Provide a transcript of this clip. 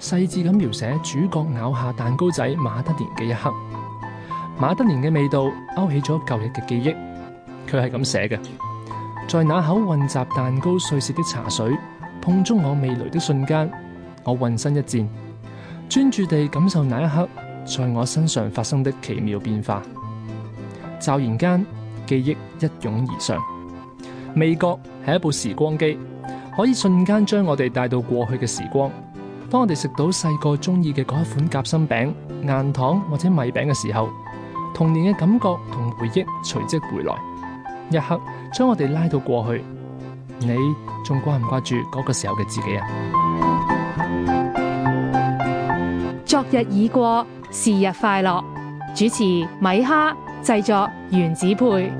細緻咁描寫主角咬下蛋糕仔馬德蓮嘅一刻，馬德蓮嘅味道勾起咗舊日嘅記憶。佢係咁寫嘅：在那口混雜蛋糕碎屑的茶水碰觸我味蕾的瞬間，我渾身一震，專注地感受那一刻在我身上發生的奇妙變化。驟然間，記憶一湧而上，味覺係一部時光機，可以瞬間將我哋帶到過去嘅時光。當我哋食到細個中意嘅嗰一款夾心餅、硬糖或者米餅嘅時候，童年嘅感覺同回憶隨即回來，一刻將我哋拉到過去。你仲掛唔掛住嗰個時候嘅自己啊？昨日已過，是日快樂。主持米哈，製作原子配。